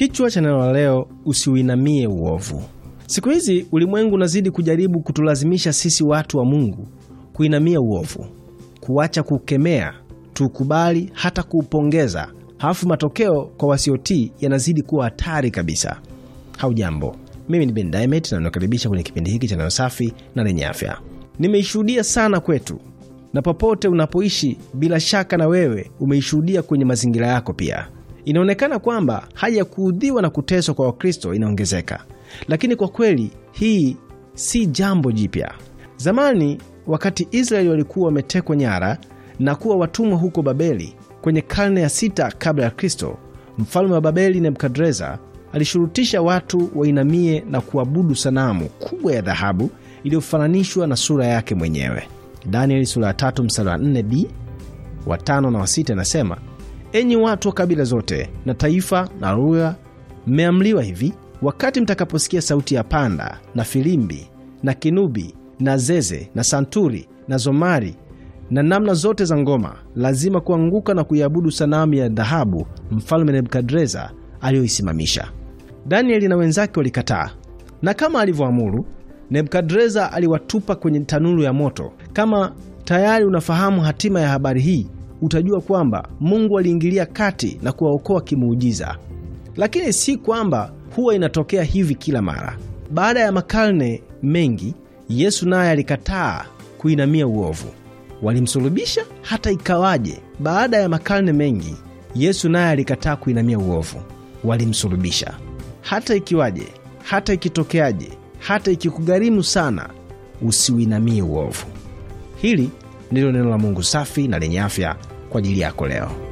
Kichwa cha neno la leo, usiuinamie uovu. Siku hizi ulimwengu unazidi kujaribu kutulazimisha sisi watu wa Mungu kuinamia uovu, kuacha kukemea, tukubali hata kuupongeza, halafu matokeo kwa wasiotii yanazidi kuwa hatari kabisa. Haujambo, mimi ni Ben Diamond na nakaribisha kwenye kipindi hiki cha neno safi na lenye afya. Nimeishuhudia sana kwetu na popote unapoishi, bila shaka na wewe umeishuhudia kwenye mazingira yako pia. Inaonekana kwamba hali ya kuudhiwa na kuteswa kwa Wakristo inaongezeka, lakini kwa kweli hii si jambo jipya. Zamani, wakati Israeli walikuwa wametekwa nyara na kuwa watumwa huko Babeli kwenye karne ya sita kabla ya Kristo, mfalme wa Babeli Nebukadreza alishurutisha watu wainamie na kuabudu sanamu kubwa ya dhahabu iliyofananishwa na sura yake mwenyewe. Danieli sura ya mstari wa b wa na wa inasema enyi watu wa kabila zote na taifa na lugha, mmeamliwa hivi: wakati mtakaposikia sauti ya panda na filimbi na kinubi na zeze na santuri na zomari na namna zote za ngoma, lazima kuanguka na kuiabudu sanamu ya dhahabu mfalme Nebukadreza aliyoisimamisha. Danieli na wenzake walikataa, na kama alivyoamuru Nebukadreza aliwatupa kwenye tanuru ya moto. Kama tayari unafahamu hatima ya habari hii, utajua kwamba Mungu aliingilia kati na kuwaokoa kimuujiza, lakini si kwamba huwa inatokea hivi kila mara. Baada ya makarne mengi, Yesu naye alikataa kuinamia uovu. Walimsulubisha hata ikawaje? Baada ya makarne mengi, Yesu naye alikataa kuinamia uovu. Walimsulubisha hata ikiwaje, hata ikitokeaje, hata ikikugharimu sana, usiuinamie uovu. Hili ndilo neno la Mungu safi na lenye afya kwa ajili yako leo.